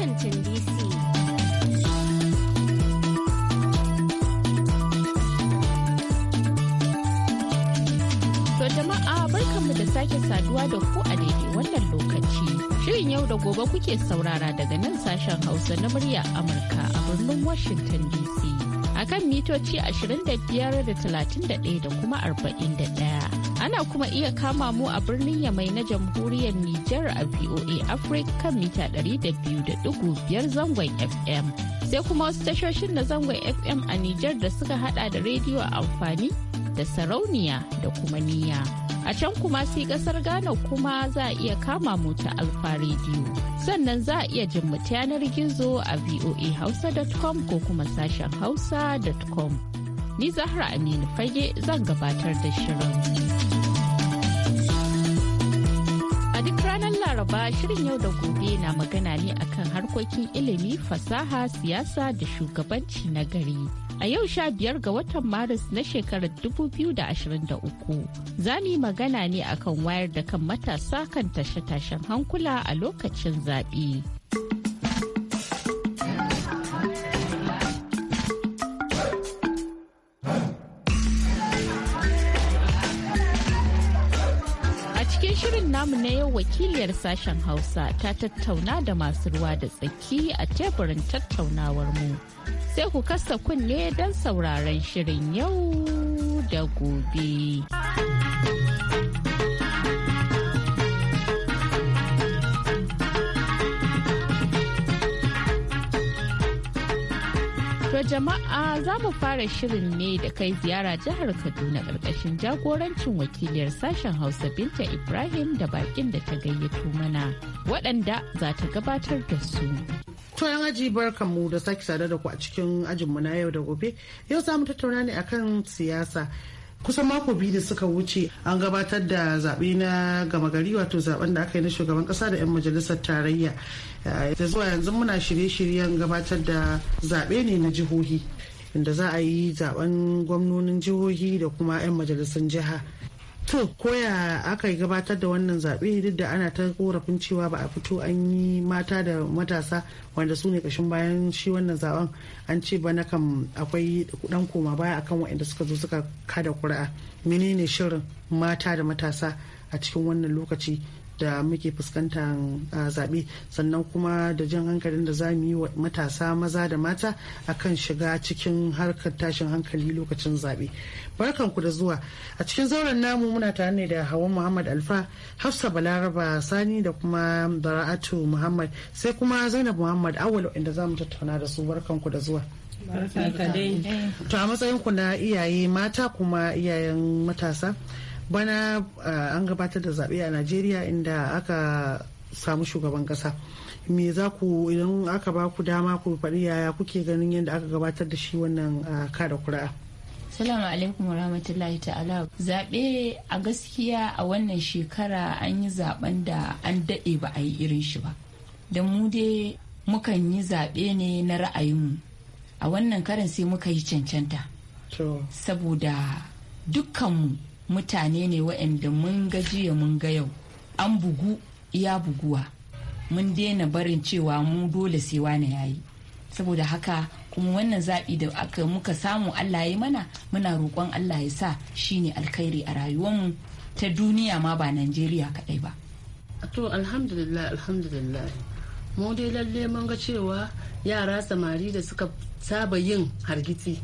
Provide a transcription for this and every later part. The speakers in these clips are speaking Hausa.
Washington DC. To jama'a barkanmu da sake saduwa da ku a daidai wannan lokaci. Shirin yau da gobe kuke saurara daga nan sashen Hausa na murya Amurka a birnin Washington DC. akan mitoci 25 da 31 da kuma 41. Ana kuma iya kama mu a birnin Yamai na jamhuriyar Nijar a VOA Africa kan mita 200.5 zangon FM. Sai kuma wasu tashoshin na zangon FM a Nijar da suka hada da rediyo a amfani da sarauniya da kuma niya a can kuma sai kasar Ghana kuma za a iya kama mu ta Alfa Radio. Sannan za a iya jin yanar gizo a voahausa.com ko kuma sashen hausa.com. Ni Zahra Aminu Fage zan gabatar da shirin. gaba shirin yau da gobe na magana ne akan harkokin ilimi, fasaha, siyasa da shugabanci na gari. A yau sha biyar ga watan Maris na shekarar 2023 za mu magana ne akan wayar da kan matasa kan tashe-tashen hankula a lokacin zaɓe. namu na yau wakiliyar sashen Hausa ta tattauna da masu ruwa da tsaki a teburin tattaunawar mu. Sai ku kasa kunne don sauraron shirin yau da gobe. jama'a za mu fara shirin ne da kai ziyara jihar Kaduna ƙarƙashin jagorancin wakiliyar sashen Hausa Binta Ibrahim da bakin da ta gayyato mana waɗanda za ta gabatar da su. To yan aji barkanmu da sake sada da ku a cikin ajinmu na yau da gobe. Yau za mu tattauna ne akan siyasa. kusan mako biyu da suka wuce an gabatar da zaɓe na gama gari wato zaɓen da aka yi na shugaban ƙasa da 'yan majalisar tarayya da zuwa yanzu muna shirye-shiryen gabatar da zaɓe ne na jihohi inda za a yi zaben gwamnonin jihohi da kuma 'yan majalisun jiha to koya aka yi gabatar da wannan zaɓe duk da ana ta korafin cewa ba a fito an yi mata da matasa wanda su ne kashin bayan shi wannan zaben an ce bana kam akwai dan koma baya akan waɗanda suka zo suka kada kuri'a menene shirin mata da matasa a cikin wannan lokaci da muke fuskantar zaɓe sannan kuma da jan hankalin da za mu yi wa matasa maza da mata akan shiga cikin harkar tashin hankali lokacin zaɓe barkanku da zuwa a cikin zauren namu muna tare ne da hawa muhammad alfa hafsa balaraba sani da kuma bara'atu muhammad sai kuma zainab muhammad awal inda za mu tattauna da su barkanku da zuwa to a matsayin ku na iyaye mata kuma iyayen matasa bana eh, an gabatar da zaɓe a najeriya inda aka samu shugaban ƙasa me za ku idan aka ba ku dama ku faɗi yaya kuke ganin yadda aka gabatar da shi wannan eh, kada kuri'a salamu alaikum warahmatullahi ta'ala zaɓe a gaskiya a wannan shekara an yi zaɓen da an daɗe ba a yi irin shi ba da mu dai mukan yi zaɓe ne na ra'ayinmu a wannan karin sai muka yi cancanta saboda dukkanmu mutane ne waɗanda mun ga jiya mun ga yau an bugu iya buguwa mun daina barin cewa mu dole sai wani yayi saboda haka kuma wannan zaɓi da aka muka samu Allah ya mana muna roƙon Allah ya sa shine alkhairi a rayuwar mu ta duniya ma ba Najeriya kaɗai ba. To alhamdulillah alhamdulillah mu dai lalle mun ga cewa yara samari da suka saba yin hargitsi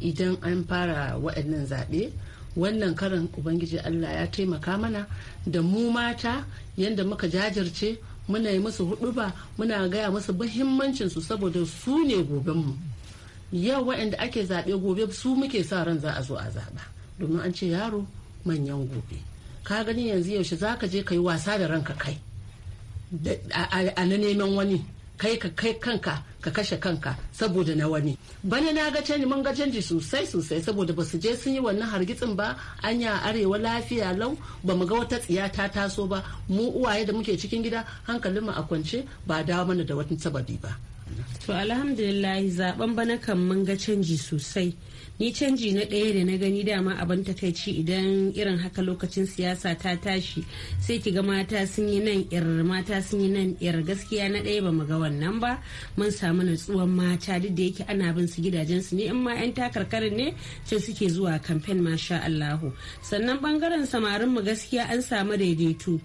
idan an fara waɗannan zaɓe wannan karin ubangiji allah ya taimaka mana da mu mata yadda muka jajirce muna yi musu huduba muna gaya musu muhimmancin su saboda su ne gobenmu yau waɗanda ake zaɓe gobe su muke sa ran za a zo a zaɓa domin an ce yaro manyan gobe ka gani yanzu yaushe za ka je ka yi wasa da ranka kai a na neman wani kai ka kai kanka ka kashe kanka saboda na wani bana na ga canji mun ga canji sosai sosai saboda ba su je sun yi wannan hargitsin ba anya arewa lafiya lau ba mu ga wata tsiya ta taso ba mu uwaye da muke cikin gida hankalin mu a kwance ba dawo mana da wata sababi ba to alhamdulillah zaben bana kan mun ga canji sosai ni canji na ɗaya da na gani dama abin takaici idan irin haka lokacin siyasa ta tashi sai ki ga mata sun yi nan ir mata sun yi nan ir gaskiya na ɗaya ba mu ga wannan ba mun samu natsuwan mata duk da yake ana bin su gidajen su ne in ma yan takarkarin ne can suke zuwa kamfen masha Allahu sannan bangaren samarin mu gaskiya an samu daidaito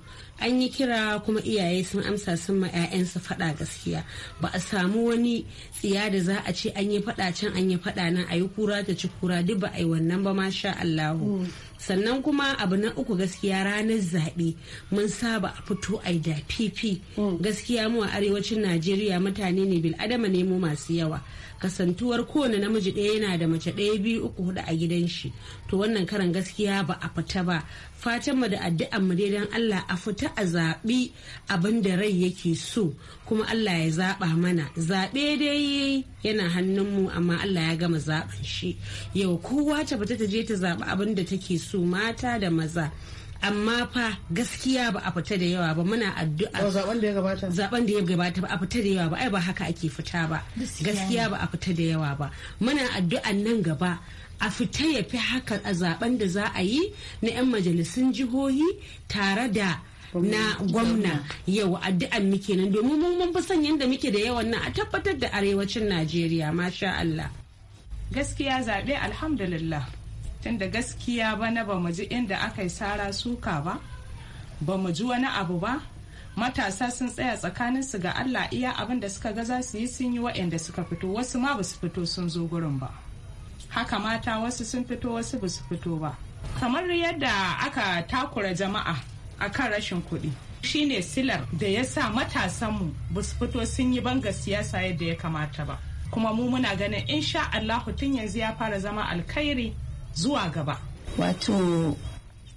an yi kira kuma iyaye sun amsa sun ma 'ya'yansu faɗa gaskiya ba a samu wani tsiya da za a ce an yi faɗa can an yi faɗa nan a yi kura da ci kura duk ba a yi wannan ba masha Allahu sannan kuma abu na uku gaskiya ranar zaɓe mun saba a fito a da fifi mm. gaskiya mu a arewacin najeriya mutane ne bil adama ne mu masu yawa kasantuwar kowane namiji ɗaya yana da mace ɗaya biyu uku hudu a gidan shi to wannan karan gaskiya ba a fita ba fatan mu da addu'an mu dan Allah a fita a zaɓi abin da rai yake so kuma Allah ya zaɓa mana zaɓe dai yana hannun mu amma Allah ya gama zaɓan shi yau kowa ta fita ta je ta zaɓi abin da take so su mata da maza amma fa gaskiya ba a fita da yawa ba muna addu'a zaben da ya gabata zaben da ba a fita da yawa ba ai ba haka ake fita ba gaskiya ba a fita da yawa ba muna addu'an nan gaba a fita ya fi haka a zaben da za a yi na 'yan majalisun jihohi tare da na gwamna yau addu'an muke nan domin mun mun fi son yadda muke da yawan nan a tabbatar da arewacin najeriya masha allah gaskiya zaɓe alhamdulillah tunda gaskiya ba na ba mu ji inda aka yi sara suka ba ba mu ji wani abu ba matasa sun tsaya tsakanin su ga allah iya abin da suka ga za su yi sun yi wa'anda suka fito wasu ma ba su fito sun zo gurin ba haka mata wasu sun fito wasu ba su fito ba kamar yadda aka takura jama'a kan rashin kuɗi shine silar da ya sa matasanmu ba su fito sun yi banga siyasa yadda ya kamata ba kuma mu muna ganin insha allahu tun yanzu ya fara zama alkhairi zuwa gaba wato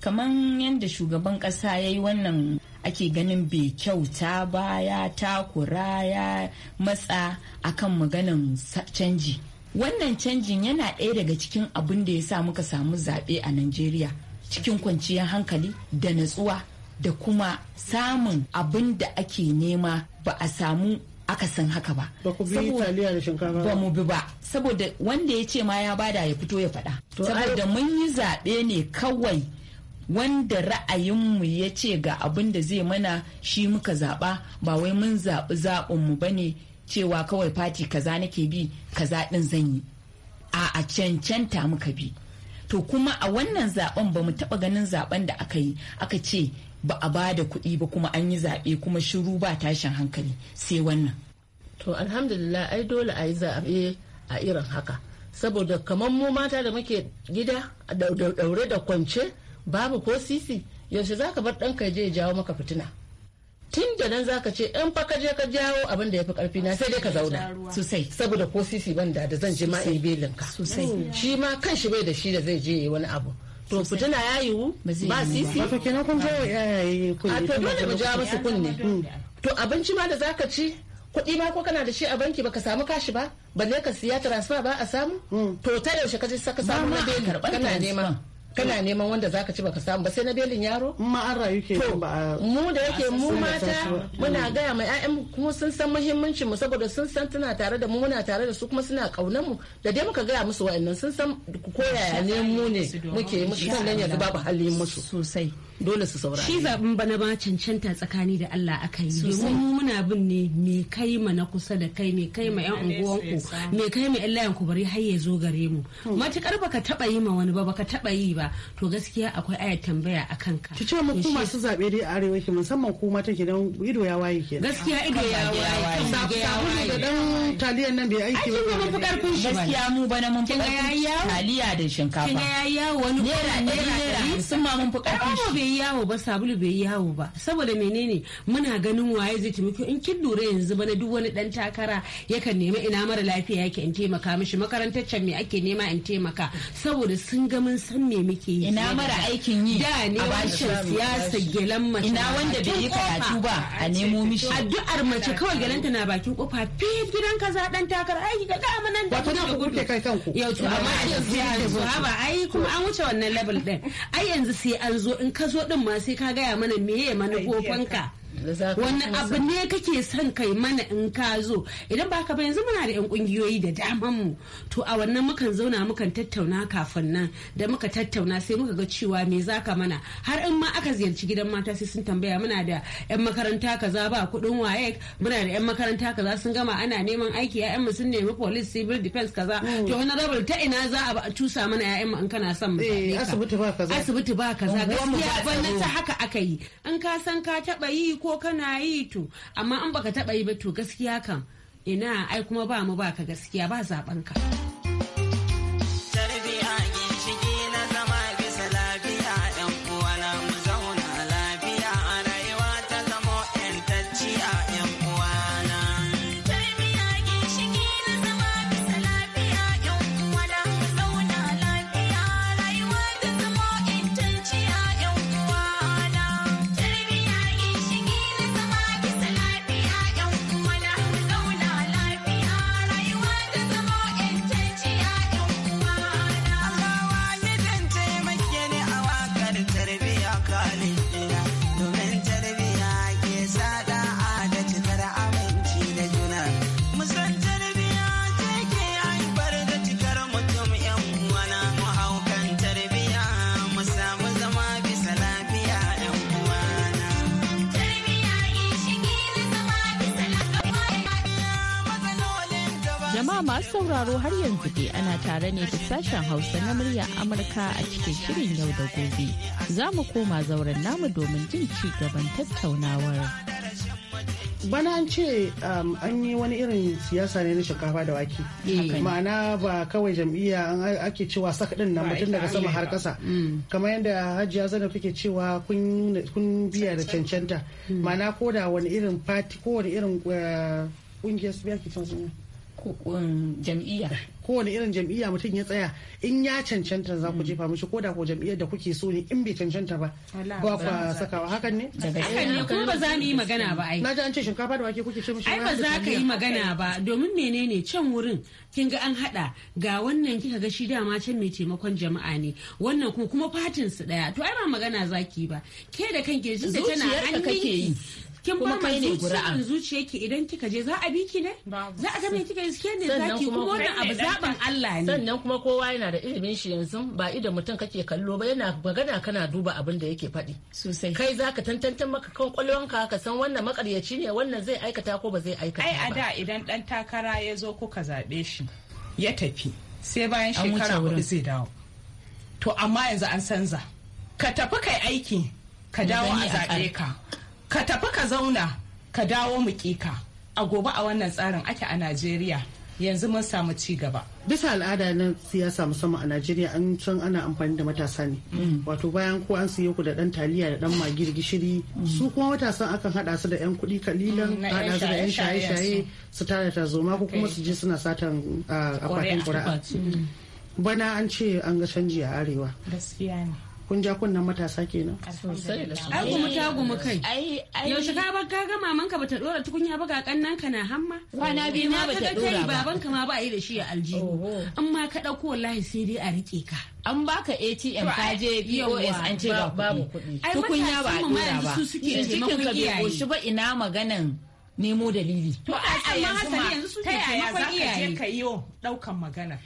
kamar yadda shugaban ƙasa ya yi wannan ake ganin bai kyauta ba ya takura ya matsa akan maganan canji wannan canjin yana ɗaya daga cikin abin da ya sa muka samu zaɓe a najeriya cikin kwanciyar hankali da natsuwa da kuma samun abin da ake nema ba a samu akasin haka ba. Ba ba. mu bi ba. Saboda wanda ya ce ma ya bada ya fito ya faɗa. Saboda mun yi zaɓe ne kawai wanda ra'ayinmu ya ce ga abin da zai mana shi muka zaɓa ba wai mun zaɓi zaɓinmu ba ne cewa kawai fati kaza nake bi kaza ɗin zan yi. A a cancanta muka bi. To kuma a wannan zaɓen ba mu taɓa ganin zaɓen da aka yi aka ce ba a ba da kuɗi ba kuma an yi zaɓe kuma shiru ba tashin hankali sai wannan to alhamdulillah ai dole a yi zaɓe a irin haka saboda kamar mu mata da muke gida daure da kwance babu ko sisi yaushe ka bar ɗanka je ya jawo maka fitina tun da nan za ka ce in fa ka je ka jawo abin da ya fi ƙarfi na sai dai ka zauna sosai saboda ko sisi ban da da zan je ma belin ka sosai shi ma kan shi bai da shi da zai je yi wani abu to fitina ya yiwu ba sisi wato kenan kun je eh, eh, a to dole mu ja musu kunne to abinci ma da zaka ci kuɗi ma ko kana da shi a banki baka samu kashi ba balle ka siya transfer ba a samu mm. to ta yaushe ka je saka samu na bai karɓa kana nema kana neman wanda zaka ci baka samu ba sai na belin yaro ma an rayu ke ba mu da yake mu mata muna mm. gaya mai ƴaƴan kuma sun san muhimmancin mu saboda sun san tana tare da mu muna tare da su kuma suna kaunar mu da dai muka gaya musu wa'annan sun san koyaya ne mu ne muke musu sannan yanzu babu halin musu sosai dole su saurare shi zaɓin bana ba cancanta tsakani da Allah aka yi domin mu muna bin ne me kai ma na kusa da kai me kai ma yan unguwan ku me kai ma yan ku bari har ya zo gare mu hmm. matukar baka taba yi ma wani ba baka taba yi ba to gaskiya akwai ayat tambaya akan ka ki ce mu ku masu zabe dai a arewa ki musamman ku mata ki dan ido ya waye kenan gaskiya ido ya waye da dan taliyan nan bai aiki ba. Aikin ba karfin shi ba. Gaskiya mu bana mun fi karfin taliya da shinkafa. Kin ga yayi yawo wani naira naira sun ma mun fi karfin shi. bai yawo ba sabulu bai yawo ba. Saboda menene muna ganin waye zai taimaki in kin lura yanzu bana duk wani dan takara yakan nemi ina mara lafiya yake in taimaka mishi makarantar can me ake nema in taimaka saboda sun ga mun san me muke yi. Ina mara aikin yi. Da ne bashin siyasa gelan mace. Ina wanda bai yi karatu ba a nemo mishi. Addu'ar mace kawai gelanta na bakin kofa duk gidan kaza dan takara ai ga dama nan da wato ku kuke kai kanku yau amma a yanzu yanzu haba ai kuma an wuce wannan level din ai yanzu sai an zo in ka zo din ma sai ka gaya mana meye manufofinka wani abu ne kake son kai mana in ka zo idan ba ka yanzu muna da yan kungiyoyi da daman mu to a wannan mukan zauna mukan tattauna kafin nan da muka tattauna sai muka ga cewa me za ka mana har in ma aka ziyarci gidan mata sai sun tambaya muna da yan makaranta kaza ba kuɗin waye muna da yan makaranta kaza sun gama ana neman aiki ya mu sun nemi police civil defense kaza mm. to honorable ta ina za a tusa mana ya mu in kana son mu eh, asibiti ba kaza asibiti ba kaza mm, gaskiya ban haka aka yi in ka san ka taba yi ko kana yi to amma an baka taba yi ba to gaskiya kam ina ai kuma ba mu baka gaskiya ba zaben ka. masu sauraro har yanzu dai ana tare ne da sashen hausa na murya amurka a cikin shirin yau da gobe za mu koma zauren namu domin jin ci gaban tattaunawar bana an ce um, an yi wani irin siyasa ne na shinkafa da wake eh. ma'ana ba kawai jam'iyya ake cewa sak din nan mutum daga sama har kasa mm. kamar yadda hajiya zana kuke cewa kun biya da cancanta mm. ma'ana ko da wani irin fati ko wani irin kungiyar eh, su biya ke Um, jam'iyya kowane irin jam'iyya mutum ya tsaya in ya cancanta za ku hmm. jefa mishi ko da ko jam'iyyar da kuke so ne in bai cancanta ba ba ku sakawa hakan ne hakan ne kuma ba za mu yi magana ba ai na ji an ce shinkafa da wake kuke ce mishi ai ba za ka yi magana ba domin menene can wurin kin ga an hada ga wannan kika ga shi dama can mai taimakon jama'a ne wannan kuma kuma fatin su daya to ai ba magana zaki ba ke da kanke jin da tana hannun kin ba mai zuciya zuciyarki idan kika je za a biki ne za a ga mai kika suke ne zaki kuma wannan abu za zaɓin Allah ne sannan kuma kowa yana da ilimin shi yanzu ba idan mutum kake kallo ba yana magana kana duba abin da yake faɗi sosai kai zaka tantantan maka kan kwalwanka ka san wannan makaryaci ne wannan zai aikata ko ba zai aikata ba ai a da idan dan takara ya zo kuka zaɓe shi ya tafi sai bayan shekara hudu zai dawo to amma yanzu an sanza ka tafi kai aiki ka dawo a zaɓe ka ka tafi ka zauna ka dawo mu ka a gobe a wannan tsarin ake a najeriya yanzu mun samu ci gaba. Bisa al'ada na siyasa musamman a Najeriya an san ana amfani da matasa ne. Mm. Wato bayan ko an siyo ku da dan taliya da dan magir gishiri mm. su kuma matasan akan hada su da yan kuɗi kalilan mm, hada su da yan shaye-shaye su tara zo ko kuma eh. su je suna satan ah, akwatin ƙuri'a. Bana an ce an ga canji a arewa. Gaskiya ne. kun ja kunnan matasa kenan ai kuma ta gumu kai yaushe ka ba ka ga maman ka bata dora tukunya ba ga kannan ka na hamma kwana biyu ma bata dora ba baban ka ma ba yi da shi a aljihu amma ka dauko wallahi sai dai a rike ka an baka ATM ka je POS an ce ba kuɗi tukunya ba a dora ba cikin ka bai koshi ba ina maganan nemo dalili to a yanzu ta yaya za ka je ka yi daukan maganar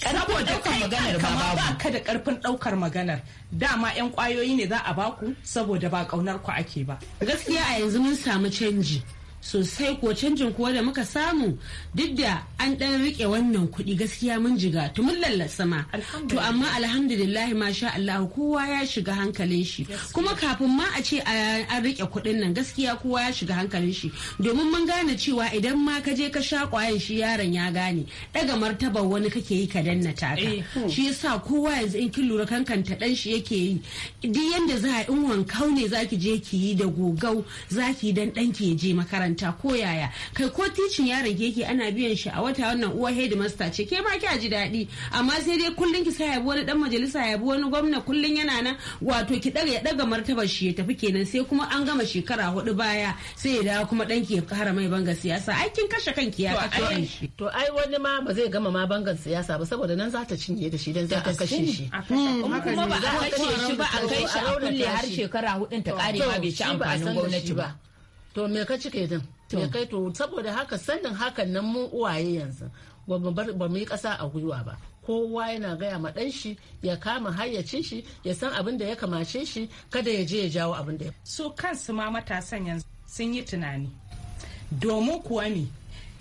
saboda kai maganar ba ba ka da karfin daukar maganar dama yan kwayoyi ne za a baku saboda ba kaunar ku ake ba gaskiya a yanzu mun samu canji sosai ko canjin kuwa da muka samu duk da an ɗan rike wannan kuɗi gaskiya mun jiga mun lallasa ma to amma alhamdulillah masha Allah kowa ya shiga hankalin shi kuma kafin ma a ce an rike kuɗin nan gaskiya kowa ya shiga hankalin shi domin mun gane cewa idan ma ka je ka sha kwayan shi yaron ya gane ɗaga martaba wani kake yi ka danna taka eh, hmm. shi yasa kowa yanzu in kin lura kankanta dan shi yake yi duk yanda za a in wankau ne zaki je ki yi da gogau zaki dan danki ya je makaranta makaranta ko yaya kai ko ticin ya rage ki ana biyan shi a wata wannan uwa head master ce ke ma ki ji daɗi amma sai dai kullun ki sai wani dan majalisa bi wani gwamna kullun yana nan wato ki daga ya daga martabar shi ya tafi kenan sai kuma an gama shekara hudu baya sai ya dawo kuma danki ya fara mai bangar siyasa ai kin kashe kanki ya kashe shi to ai wani ma ba zai gama ma bangar siyasa ba saboda nan za ta cinye da shi dan za ta kashe shi kuma ba a kashe shi ba a kai shi a kulle har shekara hudun ta kare ma bai ci amfanin gwamnati ba to me ka cike din me kai to saboda haka sanin hakan nan mu uwaye yanzu ba mu yi ƙasa a gwiwa ba kowa yana gaya ma dan shi ya kama hayyacin shi ya san abin da ya kamace shi kada ya je ya jawo abin da ya su kansu ma matasan yanzu sun yi tunani domin kuwa ne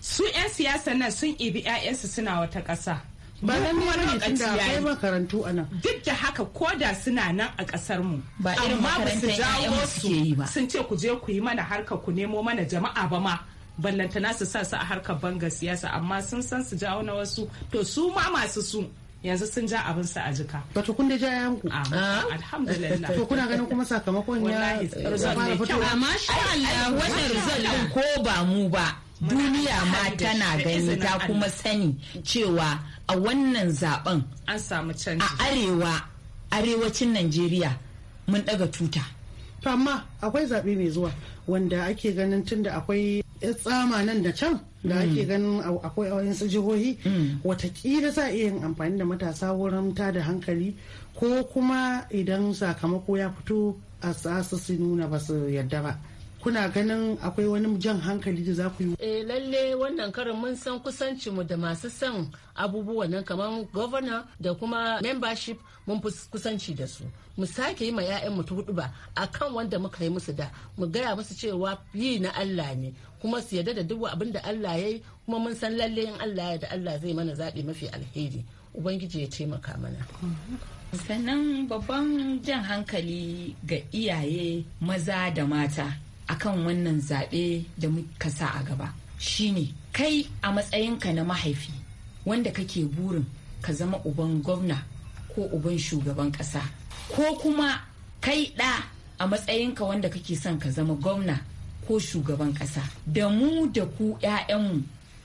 su 'yan siyasa nan sun ibi 'ya'yansu suna wata ƙasa ba nan kuma lokacin da makarantu a duk da haka ko da suna nan a kasar mu ba irin makarantar jawo su sun ce ku je ku yi mana harka ku nemo mana jama'a ba ma ballantana su sa su a harkar banga siyasa amma sun san su jawo na wasu to su ma masu su yanzu sun ja abin su a jika. Wato kun da ja yanku. Alhamdulillah. To kuna ganin kuma sakamakon ya fara fitowa. Amma sha Allah wannan result din ko ba mu ba. duniya ma tana gani ta kuma sani cewa a wannan zaben an samu canji a arewa arewacin najeriya mun daga tuta amma akwai zaɓe mai zuwa wanda ake ganin tunda akwai tsama nan da can da mm. ake ganin akwai a su jihohi mm. watakila za a iya yin amfani da matasa wurin da hankali ko kuma idan sakamako ya fito a su nuna ba su yadda ba kuna ganin akwai wani jan hankali da za ku yi eh lalle wannan karin mun san kusanci mu da masu san abubuwan nan kamar governor da kuma membership mun fi kusanci da su mu sake yi ma 'ya'yan mu hudu ba akan wanda muka yi musu da mu gaya musu cewa yi na Allah ne kuma su yarda da duk abin da Allah ya yi kuma mun san lalle in Allah ya da Allah zai mana zaɓi mafi alheri ubangiji ya taimaka mana sannan babban jan hankali ga iyaye maza da mata akan wannan zaɓe da muka sa a gaba Shi ne, kai a matsayinka na mahaifi wanda kake burin ka zama uban gwamna ko uban shugaban ƙasa ko kuma kai ɗa a matsayinka wanda kake son ka zama gwamna ko shugaban ƙasa da mu da ku 'ya'yanmu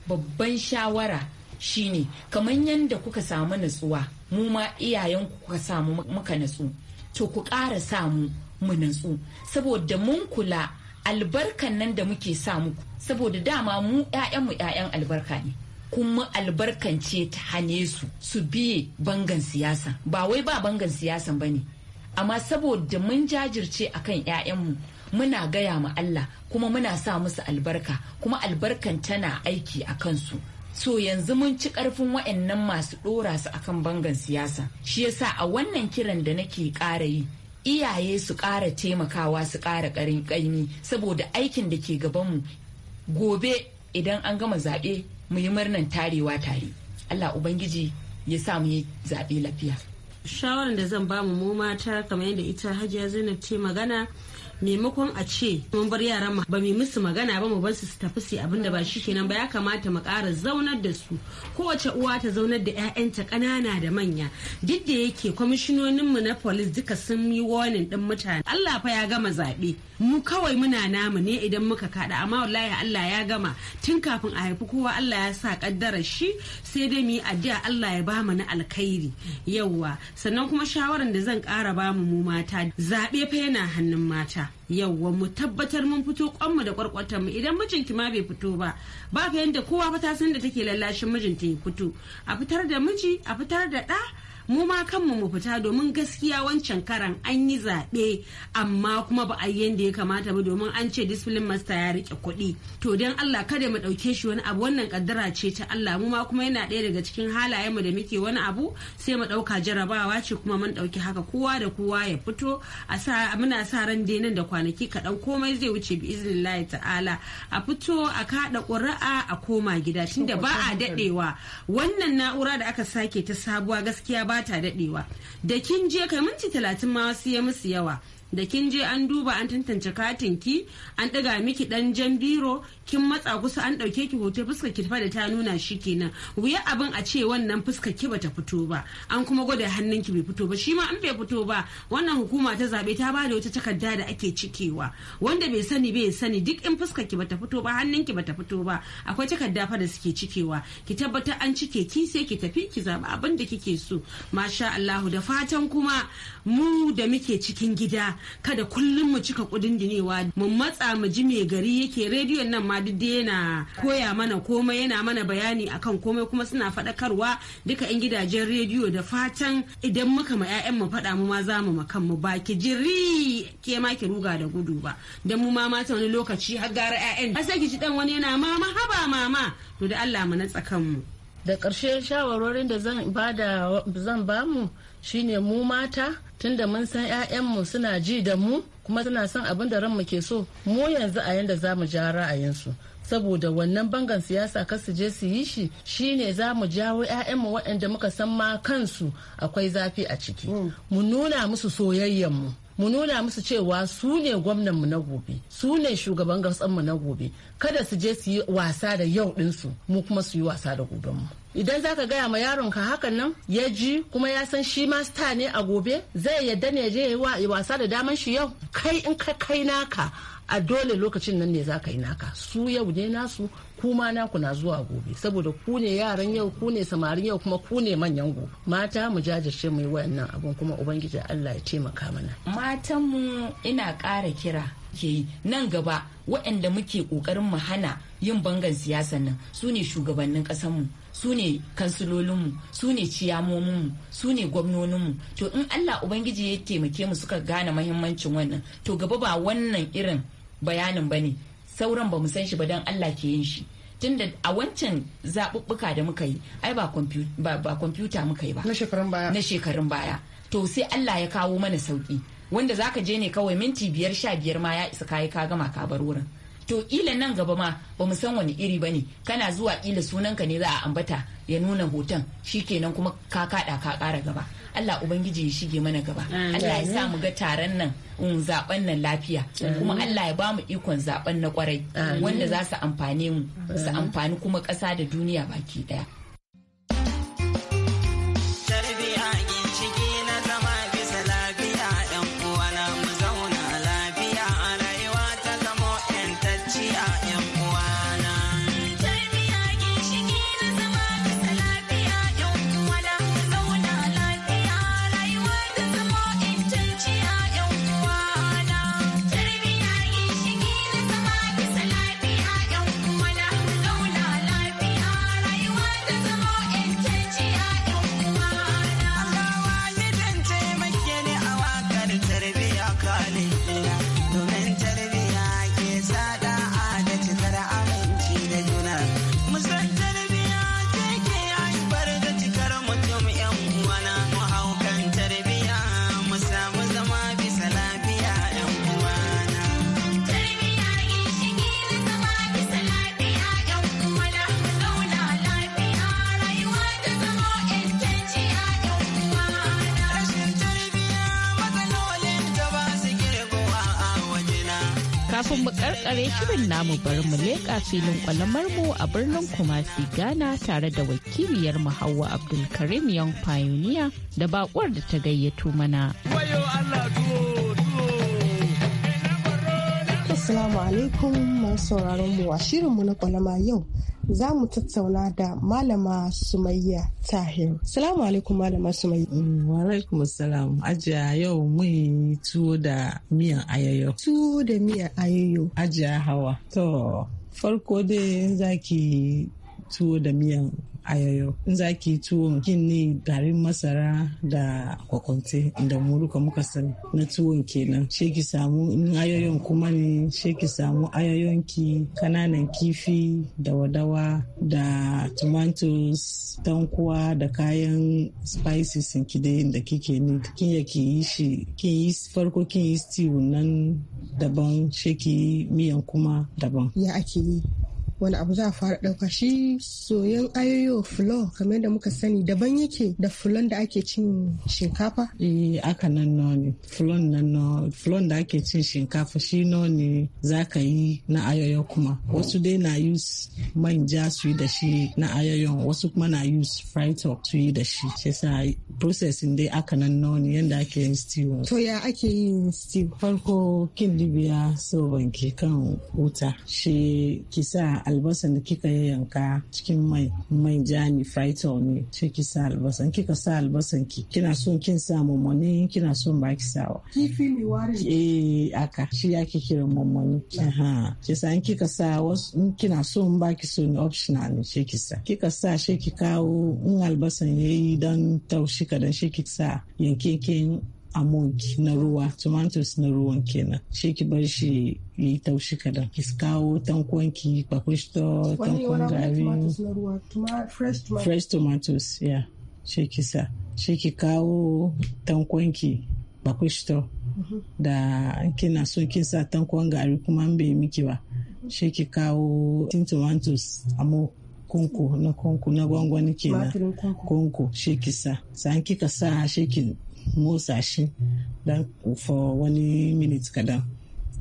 babban shawara shine kamar yadda kuka samu natsuwa mu ma iyayenku kuka samu muka natsu to ku ƙara samu mu natsu saboda mun kula albarkan nan da muke sa muku saboda dama mu 'ya'yanmu 'ya'yan albarka ne kuma albarkance ta hane su su biye bangan siyasa ba wai ba bangan siyasa ba ne amma saboda mun jajirce akan 'ya'yanmu muna gaya ma Allah kuma muna sa musu albarka kuma albarkan tana aiki a kansu so yanzu mun ci karfin wa'annan masu ɗora su akan bangan siyasa shi yasa a wannan kiran da nake ƙara yi iyaye su ƙara taimakawa su ƙara ƙarin ƙaimi saboda aikin da ke gabanmu gobe idan an gama zaɓe mu yi murnan tarewa tare allah ubangiji ya sa mu yi zaɓe lafiya shawarar da zan ba mu mata kamar yadda ita hajiya zainab ce magana maimakon a ce mun bar yaran mu ba mu musu magana ba mu bar su su tafi su abin da ba shi kenan ba ya kamata mu kara zaunar da su kowace uwa ta zaunar da 'ya'yanta ƙanana da manya duk da yake kwamishinonin mu na police duka sun yi warning din mutane Allah fa ya gama zaɓe mu kawai muna namu ne idan muka kaɗa amma wallahi Allah ya gama tun kafin a haifi kowa Allah ya sa kaddara shi sai dai mu yi addu'a Allah ya bamu na alkhairi yawwa sannan kuma shawaran da zan kara bamu mu mata zaɓe fa yana hannun mata Allah mu tabbatar mun fito kwanmu da kwarkwatar mu idan mijinki ma bai fito ba ba ka yanda kowa fa ta san da take lallashin mijinta ya fito a fitar da miji a fitar da ɗa mu ma kanmu mu fita domin gaskiya wancan karan an yi zaɓe amma kuma ba a yanda ya kamata ba domin an ce discipline master ya rike kuɗi to don Allah kada mu ɗauke shi wani abu wannan kaddara ce ta Allah mu ma kuma yana ɗaya daga cikin halayenmu mu da muke wani abu sai mu ɗauka jarabawa ce kuma mun ɗauki haka kowa da kowa ya fito a sa muna sa ran denen da kwanaki kaɗan komai zai wuce bi iznillahi ta'ala a fito a kaɗa ƙuri'a a koma gida tunda ba a daɗewa wannan na'ura da aka sake ta sabuwa gaskiya ba ba ta daɗewa da kin je kai minti talatin ma wasu ya musu yawa da kin je an duba an tantance katin ki an ɗaga miki ɗan jan biro kin matsa kusa an ɗauke ki hoto fuska ki da ta nuna shi kenan wuya abin a ce wannan fuskar ki bata fito ba an kuma gwada hannun ki bai fito ba shi ma an bai fito ba wannan hukuma ta zabe ta ba da wata takarda da ake cikewa wanda bai sani bai sani duk in fuskar ki bata fito ba hannun ki bata fito ba akwai takarda fa da suke cikewa ki tabbatar an cike ki sai ki tafi ki zaba abin da kike so masha Allahu da fatan kuma mu da muke cikin gida kada kullum mu cika kudin dinewa mu matsa mu ji mai gari yake rediyon nan ma duk yana koya mana komai yana mana bayani akan komai kuma suna faɗakarwa duka 'yan gidajen rediyo da fatan idan muka ma 'ya'yan mu faɗa mu ma za mu makan mu ba ki jiri ke ma ki ruga da gudu ba dan mu ma mata wani lokaci har gara 'ya'yan sai ki ji dan wani yana mama haba mama to da Allah mu na tsakanmu mu da karshe shawarwarin da zan ba mu shine mu mata tunda mun san 'ya'yanmu suna ji da mu kuma suna son abin da ranmu ke so mu yanzu a yanda za mu ja ra'ayinsu saboda wannan bangan siyasa kar su je su yi shi shine za mu jawo 'ya'yanmu waɗanda muka san ma kansu akwai zafi a ciki mm. mu nuna musu mu mu nuna musu cewa su ne gwamnanmu na gobe su ne shugaban gasar mu na gobe kada su je su yi wasa da yau ɗinsu mu kuma su yi wasa da gobenmu. idan zaka gaya ma yaron ka hakan nan ya ji kuma ya san shi ma star ne a gobe zai yadda ne je ya wasa da daman shi yau kai in ka kai naka a dole lokacin nan ne za ka yi naka su yau ne nasu kuma naku na zuwa gobe saboda ku ne yaran yau ku ne samarin yau kuma ku ne manyan gobe mata mu jajirce mu yi wayannan abun kuma ubangiji Allah ya taimaka mana matan mu ina ƙara kira ke nan gaba waɗanda muke ƙoƙarin mu hana yin bangan siyasan nan su ne shugabannin mu su ne kansilolinmu su ne ciyamominmu su ne gwamnoninmu to in allah ubangiji ya taimake mu suka gane mahimmancin wannan to gaba ba wannan irin bayanin ba ne sauran ba mu san shi ba don allah ke yin shi tunda a wancan zaɓuɓɓuka da muka yi ai ba kwamfuta muka yi ba na shekarun baya to sai allah ya kawo mana sauki wanda zaka je ne kawai minti biyar sha biyar ma ya isa kayi ka gama ka wurin to ƙila nan gaba ma ba mu san wani iri ba ne kana zuwa ƙila sunanka ne za a ambata ya nuna hoton shi shikenan kuma ka kada ka kara gaba Allah ubangiji ya shige mana gaba Allah ya sa mu ga taron nan um, zaben nan lafiya kuma Allah ya ba mu ikon zaben na kwarai wanda za su amfane mu su amfani kuma ƙasa da duniya baki ɗaya. ɗaya shirin namu bari mu leƙa filin kwalamar mu a birnin Kumasi Ghana tare da wakiliyar mu Hauwa Abdulkarim Young Pioneer da bakuwar da ta gayyato mana. Assalamu alaikum masu sauraron mu a shirinmu na kwalama yau za mu tattauna da Malama Sumayya Tahir. Salamu alaikum Malama Sumayya. Mm, wa alaikum salam. Ajiya yau mun tuwo da miyan ayayo. Tuwo da miyan ayayo. Ajiya hawa. To, farko dai zaki tuwo da miyan ayoyo in za ki tuwo kin ne garin masara da kwakwante da muruka muka sani na tuwon kenan she ki samu in ayoyon kuma ne she ki samu ayoyon ki kananan kifi da wadawa da tomatoes tankuwa da kayan spices ki dai da kike ne kin ya ki yi shi kin yi farko kin yi stew nan daban she ki miyan kuma daban ya ake yi wani abu za a fara ɗauka shi soyan ayoyo fulo kamar da muka sani daban yake da fulon da ake cin shinkafa? Eh aka nan no ne fulon nan no da ake cin shinkafa shi no ne za ka yi na ayoyo kuma wasu dai na use manja su yi da shi na ayoyo wasu kuma na use fried talk su yi da shi shi sa processing dai aka nan no ne yadda ake yin stew. To ya ake yin stew? Farko kin libiya so banki kan wuta shi kisa albasan da kika yanka cikin mai mai jani fito ne sai ki sa albasan kika sa albasan ki kina son kin sa mamoni kina son ba ki sawa kifi ne warin eh aka shi yake kiran mamoni aha ki sa in kika sa wasu in kina son ba ki son optional ne sai ki sa kika sa shi ki kawo in albasan yayi dan taushi kadan shi ki sa yankin amount na ruwa tomatoes na ruwan kenan shi ki bar shi yi taushi kadan ki kawo tankonki pakwisto tankon gari fresh tomatoes ya shi ki sa shi ki kawo tankonki pakwisto mhm. da kina so kin sa tankon gari kuma bai miki ba mhm. shi ki kawo tin tomatoes amo kunku na kunku na gwangwani kenan kunku shi ki sa an kika sa shi ki motsa shi mm. dan for wani minit kadan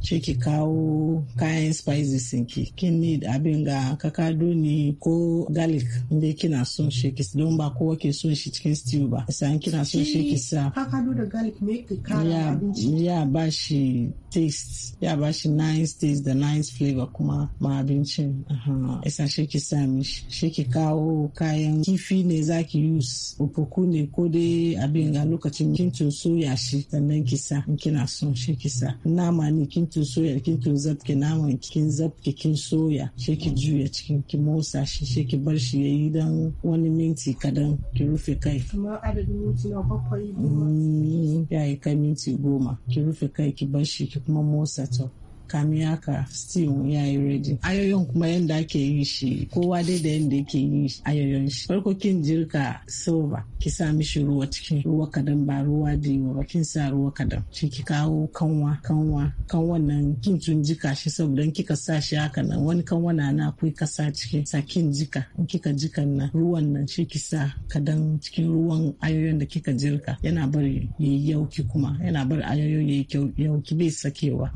ce ki kawo kayan spices ki kin need abin ga kakado ne ko garlic inda kina son shi ki don ba kowa ke son shi cikin stew ba san kina son shi ki sa kakado da garlic me ke kara abinci ya ba shi taste ya ba shi nice taste da nice flavor kuma ma abincin isa shi ki sa mishi shi ki kawo kayan kifi ne zaki use opoku ne ko dai abin ga lokacin kin soya shi sannan ki sa in kina son shi ki sa nama ne kin kin soya kin kin zabke naman kin zabke kin soya shi ki juya cikin ki motsa shi shi ki bar shi yayi dan wani minti kadan ki rufe kai kamar adadin minti na bakwai goma mm, ya yi kai minti goma ki rufe kai ki bar shi ki kuma motsa ta. kamin haka stew ya yi ready ayoyin kuma yadda ake yi shi kowa dai da yadda yake yi ayoyin shi farko kin jirka silver ki sa mishi ruwa cikin ruwa kadan ba ruwa da yi ba kin sa ruwa kadan shi ki kawo kanwa kanwa kanwan nan kin tun jika shi saboda kika sa shi haka nan wani kanwa na na ka sa cikin sa kin jika in kika jika nan ruwan nan shi ki sa kadan cikin ruwan ayoyin da kika jirka yana bari yayi yauki kuma yana bari ayoyin yayi yauki bai sakewa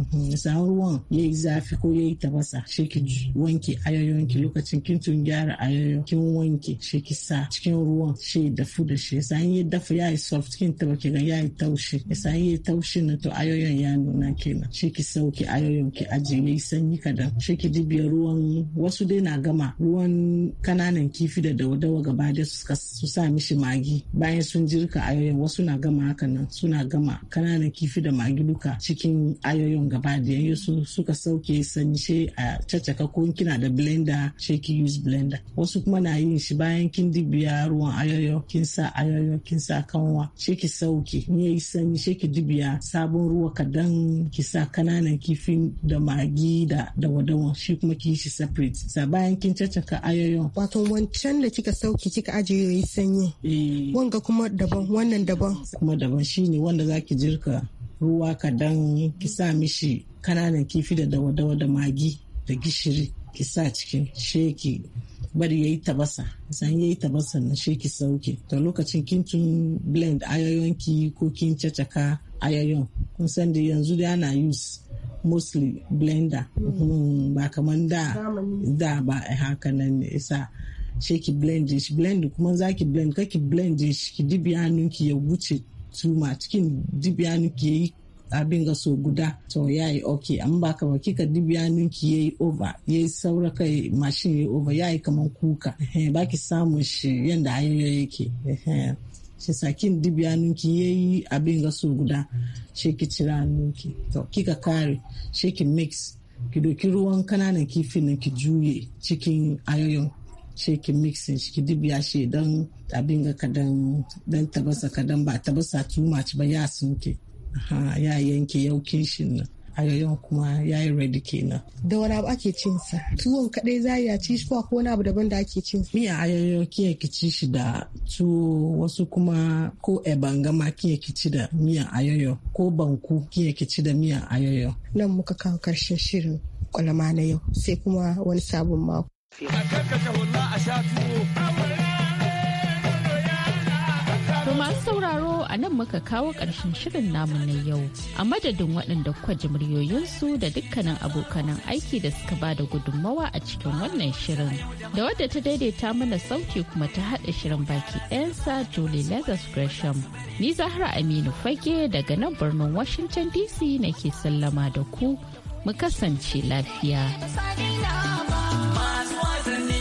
ruwan ya yi zafi ko ya yi tabasa shi ki wanke ayoyin ki lokacin kin tun gyara ayoyin kin wanke shi ki sa cikin ruwan shi dafu da shi yasa in ya dafa ya yi soft kin taba ki ga ya yi taushi yasa in ya yi taushi na to ayoyin ya nuna kenan shi ki sauki ayoyin ki aje ya yi sanyi kadan shi ki dibiya ruwan wasu dai na gama ruwan kananan kifi da dawa gaba da su sa mishi magi bayan sun jirka ayoyin wasu na gama haka nan suna gama kananan kifi da magi duka cikin ayoyin gaba da yayin su suka sauke sance a caccaka ko kina da blender shi ki use blender wasu kuma na yin shi bayan kin dibiya ruwan ayoyo kin sa ayoyo kin sa kanwa shi ki sauke ni yayi sanyi shi ki dibiya sabon ruwa kadan ki sa kananan kifin da magi da dawadawan shi kuma ki shi separate sa bayan kin caccaka ayoyo wato wancan da kika sauke kika ajiye yayi sanyi eh. wanga kuma daban wannan daban kuma daban shine wanda zaki jirka ruwa kadan ki sa mishi kananan kifi da dawa-dawa da magi da gishiri ki sa cikin sheki bari yi tabasa san yi tabasa na sheki sauke to lokacin kin tun blend ayoyon ki ko kin cacaka ayoyon kun san da yanzu da ana use mostly blender hmm, ba kaman da da ba haka nan ne isa sheki blend shi blend kuma zaki blend kaki blend shi ki dibi hannun ki ya wuce su ma cikin dibiyanin ki yi abin ga so guda to ya yi ok an ba ba kika dibiyanin ki ya yi over ya yi saura kai mashin ya yi over ya yi kamar kuka ba ki samun shi yadda hanyoyi yake shi sakin dibiyanin ki ya yi abin ga so guda shi ki cira ki to kika kare shi ki mix ki doki ruwan kananan kifin na ki juye cikin ayoyin she ki mixin shi ki dibiya shi don abin ga kadan dan tabasa kadan ba tabasa too much ba ya sunke ya yanke yaukin shi nan ayoyin kuma ya yi ready kenan. Da wani abu ake cin sa? Tuwon kadai za a ci shi ko wani abu daban da ake cin sa? Miya ayoyo kiyar ki ci shi da tuwo wasu kuma ko ebanga ma kiyar ki da miya ayoyo ko banku kiyar ki ci da miya ayoyo. Nan muka kawo karshen shirin kwalama na yau sai kuma wani sabon mako. To masu sauraro a nan muka kawo ƙarshen shirin namu na yau a madadin waɗanda kwa ji muryoyinsu da dukkanin abokanan aiki da suka ba da gudunmawa a cikin wannan shirin da wadda ta daidaita mana sauti kuma ta haɗa shirin baki ɗayansa Julie Lazarus Gresham. Ni Zahra Aminu Fage daga nan birnin Washington DC nake sallama da ku. mu kasance lafiya. Masu